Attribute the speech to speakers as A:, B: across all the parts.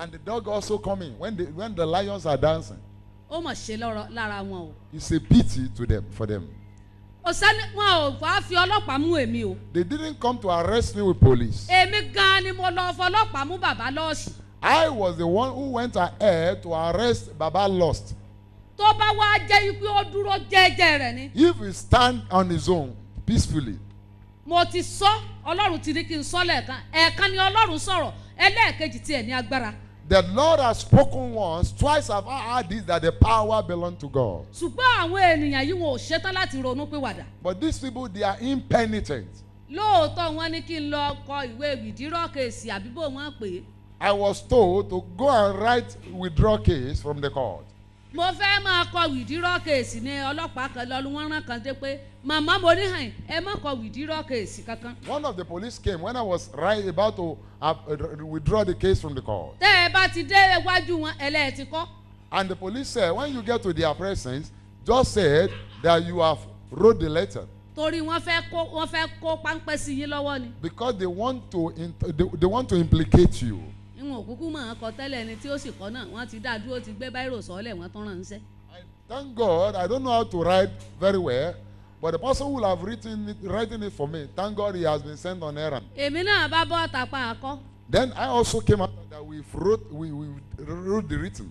A: And the dog also coming when the when the lions are dancing.
B: Ó mọ̀ ṣe lára wọn o.
A: It's a pity to them for them.
B: Kò sẹ́ni wọn ò wá fi ọlọ́pàá mú èmi o.
A: They didn't come to arrest me with police.
B: Èmi gan ni mo lọ fọlọ́pàá mú bàbá lọ́ọ̀sì.
A: I was the one who went ahead to arrest Baba Lost.
B: Tó bá wá jẹ́ ipe ó dúró jẹ́jẹ́ rẹ̀ ni.
A: If he stand on his own peacefully.
B: Mo ti sọ Ọlọ́run ti ní kí n sọ lẹ́ẹ̀kan ẹ̀ẹ̀kan ni Ọlọ́run sọ̀rọ̀ ẹlẹ́ẹ̀kejì tiẹ̀ ní agbára.
A: The Lord has spoken once, twice have I heard this that the power belongs to God.
B: Ṣùgbọ́n àwọn ènìyàn yìí wọn ò ṣetán láti ronú pìwàdà.
A: But these people they are impenitent.
B: Lóòótọ́ wọn ní kí n lọ kọ ìwé ìdírọ́ kèsì àbí bó wọn pè é.
A: I was told to go and write withdrawal case from the court
B: mo fẹ́ máa kọ wìdírọ́ kèsì ni ọlọ́pàá kan lọ́lú wọ́n rán kan dé pé màmá mo ní hàn ẹ má kọ wìdírọ́ kèsì kankan.
A: one of the police came when I was right about to uh, uh withdraw the case from the court.
B: tẹ́ ẹ bá ti dé iwájú wọn ẹlẹ́ẹ̀ kọ́.
A: and the police said when you get to their presence just said that you have wrote the letter.
B: torí wọ́n fẹ́ kó wọ́n fẹ́ kó páńpẹ́ sí yín lọ́wọ́ ni.
A: because they want to they, they want to implicate you
B: ìwọ̀n òkúkú mọ̀ kọ tẹ́lẹ̀ ni tí ó sì kọ́ náà wọ́n ti dá dúró ti gbé báírò sọ́ọ́lẹ̀ wọ́n tán ránṣẹ́. Thank
A: God I don't know how to write very well but the person who have written it, written it for me thank God he has been sent on errand.
B: èmi náà bá bọ́ tàpá àkọ́.
A: Then I also came out that we wrote we, we wrote the written.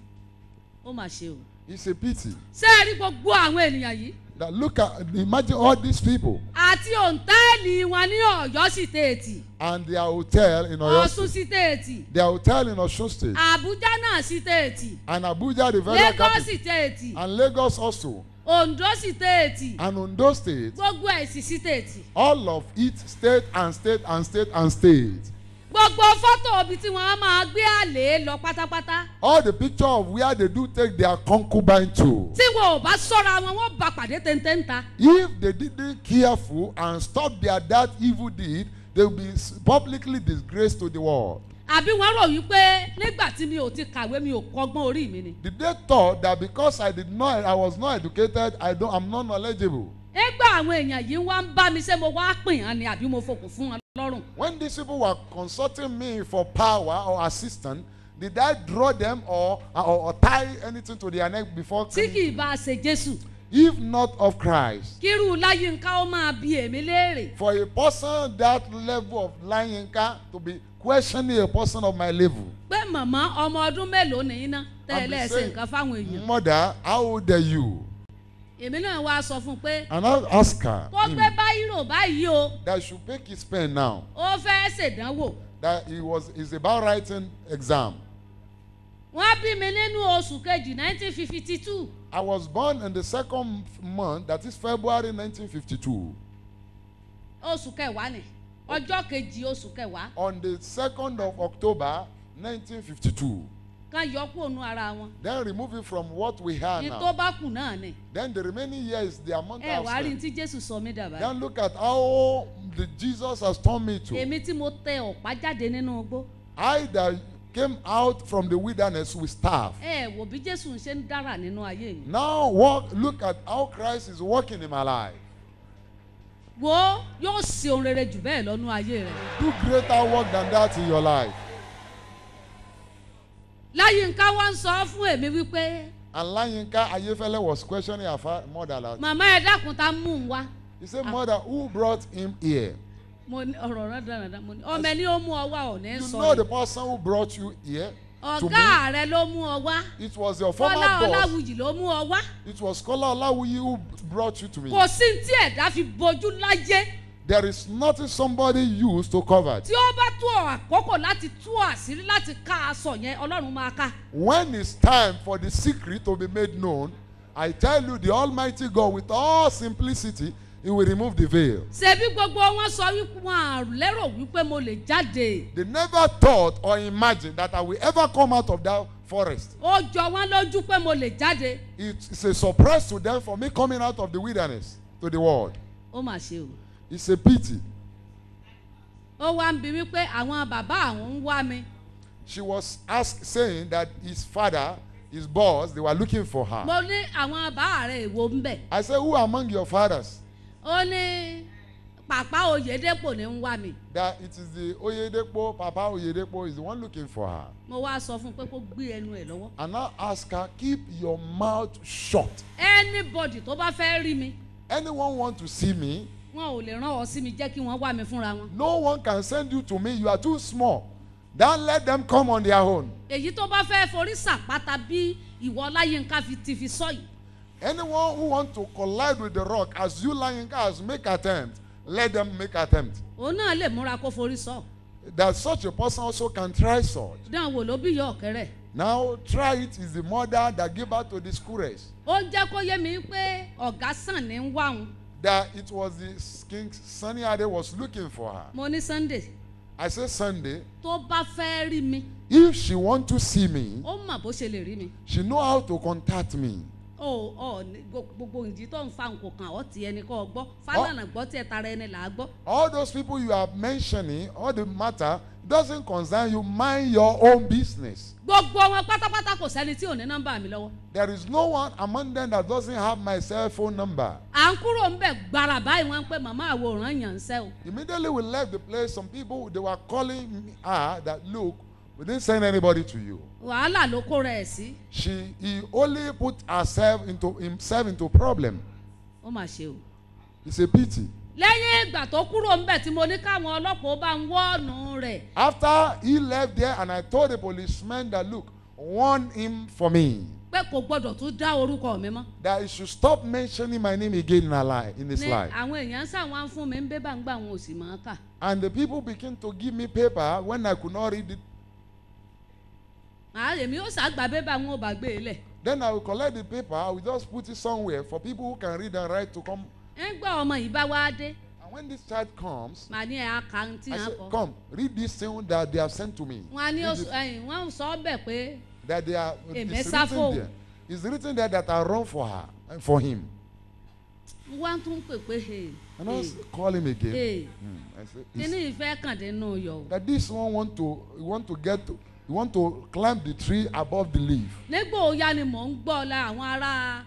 A: ó mà ṣe o. It's a pity.
B: ṣé ẹ rí gbogbo àwọn ènìyàn yìí.
A: Now look at imagine all these people.
B: Àti òǹtẹ́ẹ̀lì wọn ní Ọ̀yọ́ sì tèètì.
A: And their hotel in Ọ̀yọ́. Ọ̀ṣun sì
B: tèètì.
A: Their hotel in Ọ̀ṣun state.
B: Abuja náà sì tèètì.
A: And Abuja the federal capital. Lagos sì
B: tèètì. And Lagos also. Ondo sì tèètì.
A: And Ondo state.
B: Gbogbo ẹ̀ sì sí tèètì.
A: All of it state and state and state and state
B: gbogbo fọ́tò ibi tí wọ́n máa gbé àlè lọ pátápátá.
A: all the picture of where they do take their concubine to.
B: tí wọn ò bá sọ́ra wọn wọ́n bá pàdé téńtéńta.
A: if they didn't careful and stop their that evil deed they will be publicly disgraced to the world.
B: àbí wọ́n rò wípé nígbà tí mi ò ti kàwé mi ò kọ́gbọ́n orí mi ni.
A: did they thought that because I did not I was not educated I don't I'm not knowledgeable
B: nígbà àwọn èèyàn yìí wá ń bá mi ṣé mo wá pín hàn ni àbí mo fokùn fún wọn lọ́rùn.
A: when these people were consulting me for power or assistance did I draw them or or, or tie anything to their neck before. tí kì í bá a ṣe Jésù. if not of Christ.
B: kírú láyínká ó máa bi èmi léèrè. for a person
A: that level of láyínká to be questioning a person of my level.
B: pé màmá ọmọ ọdún mélòó nìyí ná tẹ́lẹ̀ ṣe nǹkan fáwọn èèyàn.
A: mother how old are you
B: èmi náà wá sọ fún un pé.
A: and I ask her. kó gbé hmm,
B: báyìrò báyìí o. that she
A: pick his pen now.
B: ó fẹ́ ṣèdánwò.
A: that he was is about writing exam.
B: wọ́n bí mi nínú oṣù kejì nineteen fifty two. I was born in the
A: second month that is February nineteen fifty two.
B: oṣù kẹwàá ni ọjọ́ kejì oṣù kẹwàá.
A: on the second of October nineteen fifty two
B: kan yọ kúrò nu ara wọn.
A: then remove it from what we have now. ní tó
B: bá kù náà ni.
A: then the remaining years the amount I spent. ẹ wàá rí tí
B: Jésù sọ mí dàbá. then look
A: at how the Jesus has turned me to. èmi
B: tí mo tẹ ọ̀pá jáde nínú igbó.
A: I that came out from the wilderness with staff.
B: ẹ wò bí Jésù ṣe ń dára nínú ayé mi.
A: now walk look at how Christ is working in my life.
B: wo yóò ṣe ohun rere jù bẹ́ẹ̀ lọ́nú ayé rẹ.
A: do greater work than that in your life
B: láyínká wá ń sọ fún èmi wípé.
A: aláyínká ayéfẹ́lẹ́ was questioning her father mother last.
B: màmá ẹ dákun ta mú un wá. he said mother who brought him here. mo ní ọ̀rọ̀ rẹ dáradára mo ní ọmọ ẹni ó mú ọ wá ọ̀nà ẹ sọ. you know the
A: person who brought you here. ọ̀gá
B: rẹ ló mú ọ wá.
A: it was your former boss. Kọ́lá
B: Ọláwùyí ló mú ọ wá. it was Kọ́lá
A: Ọláwùyí who brought you to me. kò sí
B: tí ẹ̀dá fi bojú láyé.
A: There is nothing somebody used to cover. Tí
B: ó bá tó àkókò láti tú àṣírí láti ká aṣọ yẹn, Ọlọ́run máa ká.
A: When it's time for the secret to be made known, I tell you the Almighty God with all simplicity he will remove the veil.
B: ṣebí gbogbo wọn sọ wípé wọn à lérò wípé mo lè jáde. they never thought or imagined that I will ever
A: come out of that forest.
B: ó jọ wọn lójú pé mo lè jáde. it's a surprise to
A: them for me coming out of the wilderness to the world. ó mà ṣe o. It's a pity.
B: Ó wá ń bi wípé àwọn bàbá àwọn ń wá mi. She was asked
A: saying that his father his boss they were looking for her. Mo
B: ní àwọn bàbá rẹ̀ èwo ń bẹ̀.
A: I said who among your fathers?
B: Ó ní Papa Oyedepo ni ń wá mi.
A: That it is the Oyedepo Papa Oyedepo is the one looking for her.
B: Mo wá sọ fún un pé kó gbé ẹnu ẹ lọ́wọ́.
A: And now ask her keep your mouth shut.
B: Anybody tó bá fẹ́ rí mi. Anyone want to see me? wọn ò lè rán ọ sí mi jẹ́ kí wọ́n wá mi fúnra wọn.
A: no one can send you to me you are too small then let them come on their own.
B: èyí tó bá fẹ́ forí sàpáta bí ìwọ láyínká ti fi sọ yìí. anyone
A: who want to collide with the rock as you láyínká has make attempt let them make attempt.
B: òun náà lè múra kó forí sọ.
A: that such a person also can try such.
B: dán wò ló bí yọ ọ̀kẹ́rẹ́.
A: now try it is the mother that give birth to discourage.
B: ó jẹ́ kó yé mi pé ọ̀gá sàn ní ń
A: that it was the king Sunny Ade was looking for her.
B: Mo ní Sunday.
A: I say Sunday.
B: Tó bá fẹ́ rí mi.
A: If she want to see me. Ó
B: mà bó ṣe lè rí mi.
A: She know how to contact me.
B: O ò gbogbo ìdí tó ń fa nǹkan kan ọ̀ tí ẹni kọ́ gbọ́. Fálànà gbọ́ tí ẹ̀ tara ẹni là á gbọ́. All those
A: people you are mentioning all the matter doesn't concern you mind your own business.
B: gbogbo wọn pátápátá kò sẹ́ni tí ò ní nọ́mbà mi lọ́wọ́.
A: there is no one among them that doesn't have my cell phone number.
B: à ń kúrò ń bẹ̀ gbàrà báyìí wọ́n ń màmá àwòrán yàn ń sẹ́ o. immediately
A: we left the place some people they were calling her that look we didn't send anybody to you.
B: wàhálà ló kó rẹ̀ sí.
A: she he only put herself into himself into problem. ó mà ṣe o. it's a pity
B: lẹ́yìn ìgbà tó kúrò ńbẹ̀ tí mo ní káwọn ọlọ́pàá bá ń wọ́ọ̀nù rẹ̀.
A: after he left there and I told the policeman that look warn him for me.
B: pé kò gbọdọ̀ tún dá orúkọ mi mọ́.
A: that he should stop mentioning my name again in, life, in his ne, life. ní
B: àwọn èèyàn sáwọn fún mi ń bébà ń gbà wọn ò sì máa kà.
A: and the people begin to give me paper when I could not read it.
B: màá èmi ó ṣàgbà bébà wọn ò bá gbé e lẹ̀.
A: then I will collect the paper I will just put it somewhere for people who can read and write to come
B: ń gbọ́ ọmọ yìí bá wá dé.
A: And when this child comes,
B: màá ní ẹ̀ náà kọ. I say
A: come read this thing that they have sent to me.
B: Wọ́n á ní wọ́n sọ bẹ̀ pé.
A: That they are it's written there it's written there that I run for her and for him.
B: Wọ́n tún pè pé hey. And I was hey.
A: call him again. Hey. Hmm. I say it's.
B: Kíní ìfẹ́ kàndínú yọ.
A: That this one want to want to get to you want to climb the tree above the leaf.
B: Nígbà ó ni mò ń gbọ́ la àwọn ará.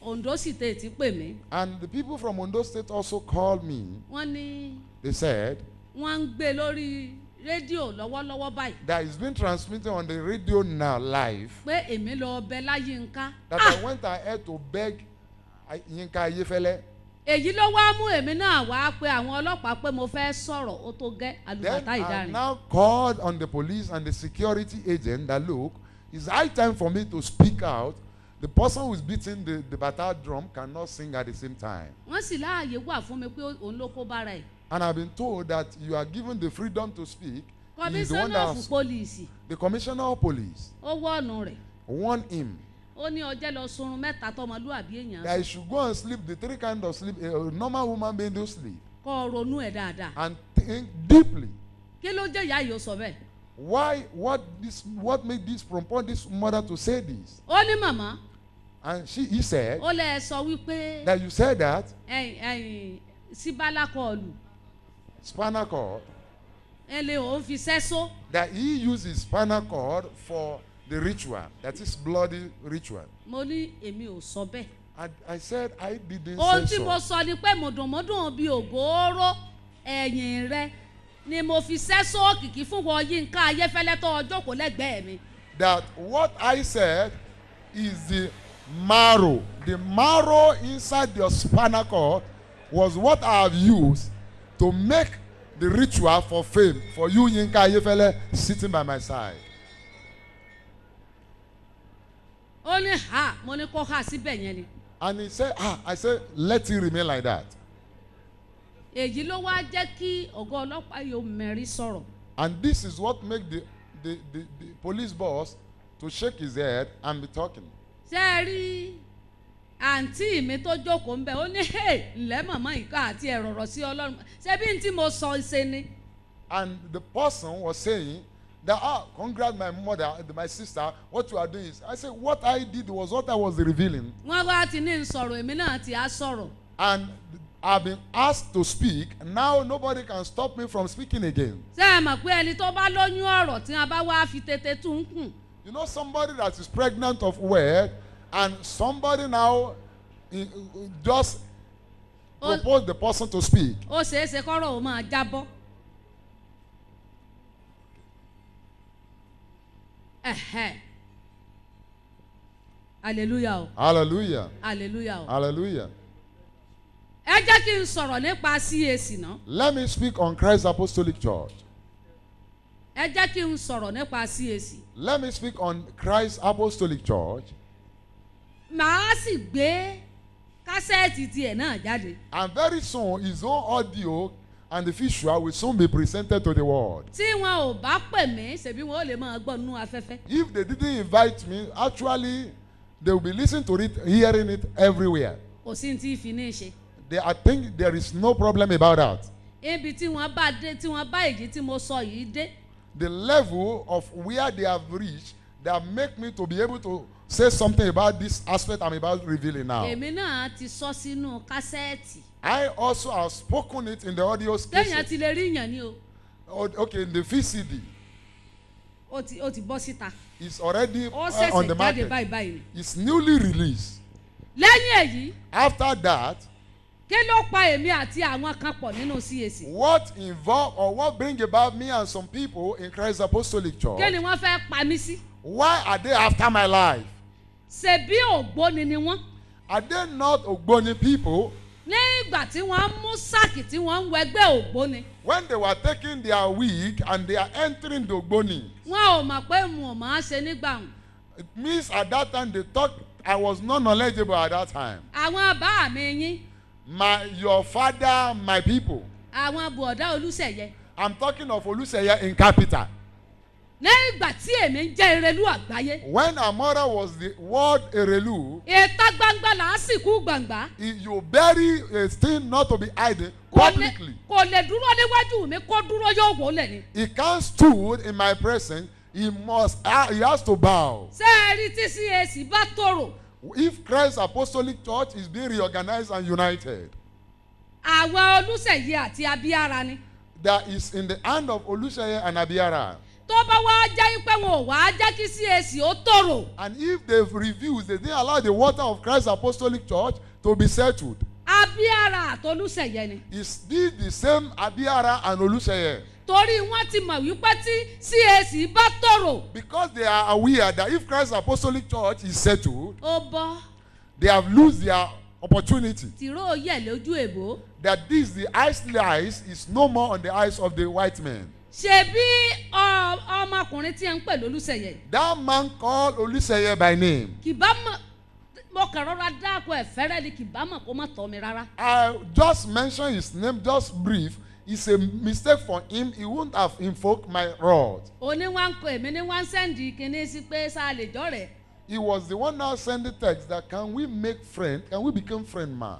B: Ondo State ti pè mí.
A: And the people from Ondo State also called me.
B: Wọ́n ní. They said. Wọ́n ń gbé lórí rédíò lọ́wọ́lọ́wọ́ báyìí.
A: that is being transmitted on the radio now live.
B: pé èmi lọ bẹ̀ láyínká. that ah. I went ahead
A: to beg Yínká Ayéfẹ́lẹ́.
B: èyí ló wá mú èmi náà wá pé àwọn ọlọ́pàá pé mo fẹ́ sọ̀rọ̀ ó tó gẹ́ àlùbọ́tà ìdárin. then I now
A: called on the police and the security agent that look it's high time for me to speak out The person who is beating the, the battle drum cannot sing at the same time.
B: Wọ́n sì láàyè wà fún mi pé òun ló kó bára ẹ̀.
A: And I've been told that you are given the freedom to speak. Commissioner of police. The commissioner of police.
B: Ó wọ́ ọ̀nù rẹ̀.
A: Warn him.
B: Ó ní ọjẹ́ lọ sunrun mẹ́ta tọmọlúwàbí èèyàn. That he should
A: go and sleep the three kind of sleep a normal woman being do sleep.
B: Kọ́ ronú ẹ̀ dáadáa. And think deeply. Kí ló jẹ́ ìyá yìí ó sọ bẹ́ẹ̀? Why what
A: this what made this prompt this mother to say this?
B: Ó ní màmá
A: and she he said. ó
B: lẹ sọ wípé.
A: that you said that.
B: ẹyìn ẹyìn síbálà kọọlù.
A: spinal cord.
B: ẹ lè òun fi sẹ́só.
A: that he uses spanner cord for the ritual that is bloody ritual.
B: mo ní èmi ò sọ bẹ́ẹ̀.
A: I, I said I didn't say so. Ohun tí mo
B: sọ ni pé mọ̀dùnmọ́dùn bíi ògóóró ẹ̀yìn rẹ ni mo fi sẹ́sọ́ òkìkí fún wọn Yínká Ayéfẹ́lẹ́ tó ọjọ́ kò lẹ́gbẹ̀ẹ́ mi.
A: That what I said is the marrow. The marrow inside your spinal cord was what I have used to make the ritual for fame for you, Yinka Ayefele, sitting by my side.
B: ó ní ha mo ní kó ha síbẹ̀ yẹn ni.
A: and he say ah I say let it remain like that.
B: èyí ló wá jẹ́ kí ọ̀gá ọlọ́pàá yóò mẹ́rí sọ̀rọ̀.
A: and this is what make the, the the the police boss to shake his head and be talking
B: ṣé rí àǹtí mi tó jókòó ń bẹ̀ ó ní hey ǹlẹ́ màmá ìka àti ẹ̀rọ̀rọ̀ sí ọlọ́run ṣé bí n tí mo sọ ṣe ni.
A: and the person was saying that ah congrats my mother and my sister what you are doing is i say what i did was what i was revealing.
B: wọ́n wá ti ní sọ̀rọ̀ èmi náà ti á sọ̀rọ̀.
A: and I have been asked to speak now nobody can stop me from speaking again.
B: ṣé ẹ mọ̀ pé ẹni tó bá lóyún ọ̀rọ̀ tí a bá wá fi
A: tètè tún kùn. You know somebody that is pregnant of word and somebody now eh, eh, just propose the person to speak.
B: Oh, say ṣe kọ́rọ̀ ma, jábọ́. hallelujah o.
A: hallelujah.
B: hallelujah o.
A: hallelujah. let me speak on Christ's Apostolic Church.
B: ẹ jẹ́ kí n sọ̀rọ̀ nípa CAC. let me speak on
A: Christ Apostolic Church.
B: màá sì gbé kásẹ̀tì tiẹ̀ náà jáde.
A: and very soon his own audio and the visual will soon be presented to the world.
B: tí wọn ò bá pè mí ṣebí wọn ò lè máa gbọ́ nínú afẹ́fẹ́.
A: if they didn't invite me actually they will be listening to it hearing it everywhere.
B: kò sí ti fi ní ṣe.
A: they I think there is no problem about that.
B: ibi tí wọ́n bá dé tí wọ́n bá èyí tí mo sọ yìí dé the level of where
A: they have reached that make me to be able to say something about this aspect I'm about revealing now. Èmi
B: náà ti sọ sínú kásẹ̀tì.
A: I also have spoken it in the audio station. Lẹ́yìn àti
B: lè rí yàn ni o.
A: Okay, in the VCD.
B: O ti o ti bọ́ síta.
A: It's already uh, on the market. Ó ṣẹ̀ṣẹ̀ jáde báyìí báyìí. It's newly released.
B: Lẹ́yìn èyí.
A: After that
B: kí ló pa èmi àti àwọn kan pọ̀ nínú CAC.
A: what involve or what bring about me and some people in Christ Apostolic Church. kí ni
B: wọ́n fẹ́ pa mí sí.
A: why are they after my life.
B: ṣebí ògbóni ni wọ́n.
A: are they not ògbóni people.
B: nígbà tí wọ́n mú sáàkì tí wọ́n ń wẹgbẹ́
A: ògbóni. when they were taking their wig and they are entering the ògbóni.
B: wọn ò mọ̀ pé n ò máa ṣe nígbà wọn.
A: it means at that time they talk I was not knowledgeable at that time.
B: àwọn bá mi yín
A: my your father my people.
B: àwọn bọ̀dá olùsẹ̀yẹ.
A: i'm talking of olùsẹ̀yẹ in capital.
B: lẹ́yìn ìgbà tí èmi ń jẹ́ erelu àgbáyé.
A: when amora was the word erelu. ìta gbangba
B: làásìkò gbangba.
A: you bury a thing not to be hidden publicly.
B: kò lè dúró níwájú mi kó dúró yóò wọlé ni.
A: he can't stood in my presence he must he has to bow.
B: sẹ́ẹ̀rì tí cac bá tòrò if Christ's
A: apostolic church is being reorganized and united.
B: àwa olùsẹ̀yẹ àti abíára ni.
A: that is in the hand of olùsẹ̀yẹ and Abiara.
B: tó bá wá jẹ́ pé wọn ò wá jẹ́ kí CAC ó tòrò.
A: and if they refuse they dey allow the water of Christ's apostolic church to be settled.
B: abíára àti olùsẹ̀yẹ ni.
A: is this the same Abiara and olùsẹ̀yẹ
B: torí wọ́n ti mọ̀ wípé tí CAC bá tòrò. because
A: they are aware that if Christ's apostolic church is settled. ó bọ́. they have lose their opportunity. tìró yẹ̀ lójú èbó. that this the ice slice is no more on the eyes of the white men.
B: ṣebí ọmọkùnrin tí ẹ ń pè lólùsẹ̀yẹ.
A: that man called olùsẹ̀yẹ by name.
B: kìbá mọ̀ mo kàn rọra dáàkọ ẹ fẹ́rẹ́ ni kì bá mọ̀ kó má tọ́ mi rárá.
A: I just mention his name just brief it's a mistake for him he won't have invoked my rod.
B: òní ń pè mí ní wá ń sẹ́ndì kìíní sí pé sá lè jọ́rẹ̀.
A: he was the one now send the text that can we make friend can we become friend ma.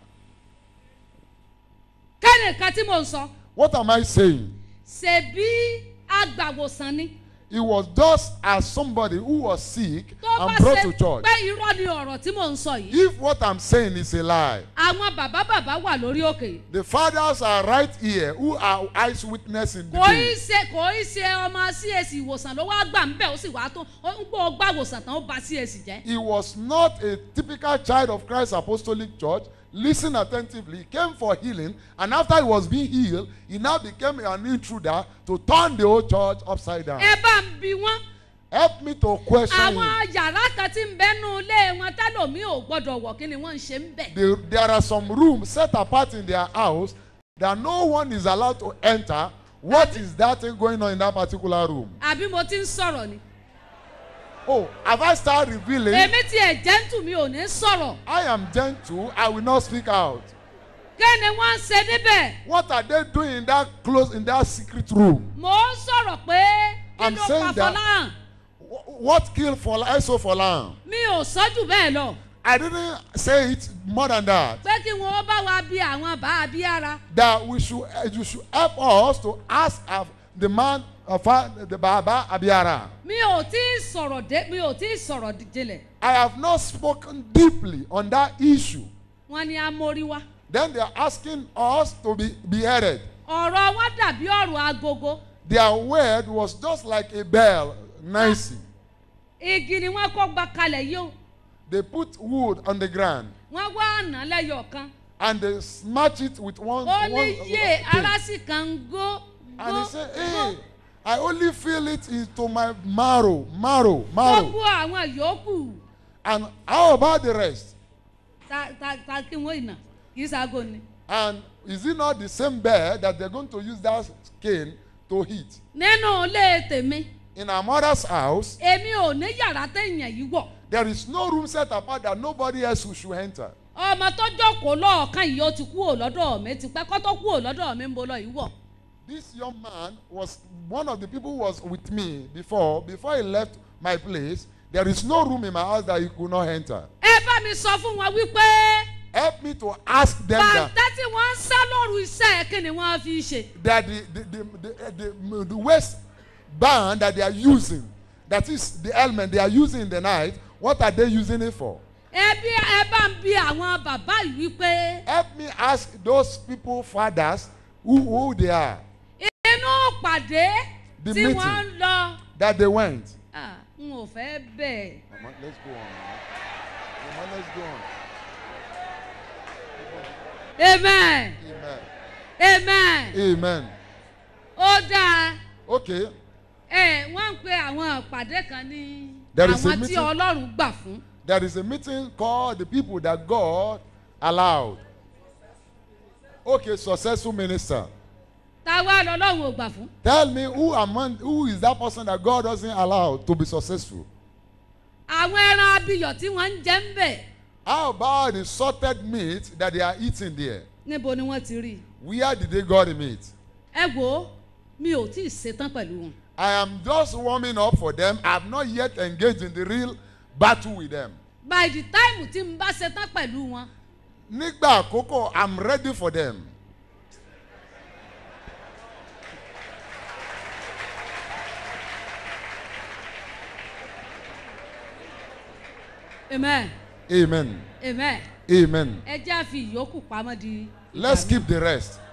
B: kẹ́nìkan tí mò sọ.
A: what am I saying.
B: ṣebí agbàwòsàn ni. He was just as somebody who
A: was sick and brought to church. pé
B: irọ́ ni ọ̀rọ̀ tí mò ń sọ yìí. If what
A: I'm saying is a lie.
B: àwọn bàbá bàbá wà lórí òkè.
A: The fathers are right here who are eyes witnessing kò í
B: ṣe kò í ṣe ọmọ CAC ìwòsàn ló wá gbà ń bẹ̀ ó sì wá tó ń gbọ́ gbà wòsàn tán ó bà CAC jẹ́. He
A: was not a typical child of Christ Apostolic Church Listen attentively. He came for healing, and after he was being healed, he now became an intruder to turn the whole church upside down. Ẹ
B: ń bi wọ́n.
A: Help me to question you. Àwọn
B: yàrá kan tí ń bẹ́nu ilé wọn tẹ́lòmí ò gbọ́dọ̀ wọ̀ kí ni wọ́n ń ṣe ń bẹ̀.
A: There are some rooms set apart in their house that no one is allowed to enter. What is that thing going on in that particular room?
B: Àbí mo ti ń sọ̀rọ̀ ni
A: oh have I started revealing. èmi
B: tiẹ̀ gentle mi ò ní sọ̀rọ̀. I am
A: gentle I will not speak out. kí ni wọ́n ń ṣe níbẹ̀. what are they doing in that close in that secret room.
B: mo ń sọ̀rọ̀ pé
A: kí ló pa Fọlá. what kill Fọlá I saw Fọlá.
B: mi ò sọ jù bẹ́ẹ̀ lọ. I didn't
A: say it more than that.
B: Pé kí wọn bá wa bí àwọn bá a bí ara.
A: That we should you should help us to ask the man ọ̀fà bàbá àbíyàrá.
B: mi ò tí ì sọ̀rọ̀ dé mi ò tí ì sọ̀rọ̀ jinlẹ̀.
A: I have not spoken deeply on that issue.
B: wọ́n ní amórí wa.
A: Then they are asking us to be beheaded.
B: ọ̀rọ̀ wa dàbí ọ̀rọ̀ agogo.
A: Their word was just like a bell nicing.
B: Ah, igi ni wọ́n kó gba kalẹ̀ yìí o.
A: They put wood on the ground.
B: wọ́n wá àná lẹ́yọ̀ kan.
A: And they smash it with one. ó ní yé arásìkan
B: ń gó. And he said, hey.
A: Go. I only feel it into my marrow, marrow, marrow. Gbogbo
B: àwọn yòókù.
A: And how about the rest?
B: Ta ta ta kí wọ́n ìnà kì í ṣaago ni.
A: And is it not the same bear that they're going to use that skin to heat?
B: Nínú ilé tèmi.
A: In our mother's house.
B: Èmi ò ní yàrá téèyàn yìí wọ̀.
A: There is no room set apart that nobody else should enter.
B: Ọmọ tó jókòó lọ́ọ̀kan yìí ó ti kúrò lọ́dọ̀ mi tipẹ́ kó tó kúrò lọ́dọ̀ mi ń bo yìí wọ̀.
A: This young man was one of the people who was with me before. Before he left my place, there is no room in my house that he could not enter.
B: Help me to ask them that. Bàtà tí wọ́n ń sá
A: the the the the the, the waste band that they are using that is the element they are using in the night what are they using it for. help me ask those people fathers who who they are.
B: ìpàdé the meeting
A: that they went.
B: ah n ò fẹ́ bẹ́ẹ̀. mama let's go on mama, let's go on. amen. amen. amen. amen. ó dáa. okay. ẹ wọ́n ń pe àwọn ìpàdé kan ní àwọn tí Ọlọ́run gbà fún.
A: there is a meeting called the people that God allowed. okay successful minister
B: ta wá ò gbà fún.
A: tell me who among who is that person that God doesn't allow to be successful.
B: àwọn ẹran abiyọ̀ tí wọ́n ń jẹ ń bẹ̀. how about the
A: salted meat that they are eating there. níbo ni wọ́n ti rí. where did they got the meat.
B: ẹ wo mi ò tí ì ṣetán pẹ̀lú wọn.
A: I am just warming up for them. I have not yet engaged in the real battle with them.
B: By the time tí n bá ṣetán pẹ̀lú wọn.
A: Nígbà àkókò, I'm ready for them. Amen. Amen. Amen. Amen.
B: Ẹ jẹ́ àfi ìyókù pamọ́ di.
A: Let's keep the rest.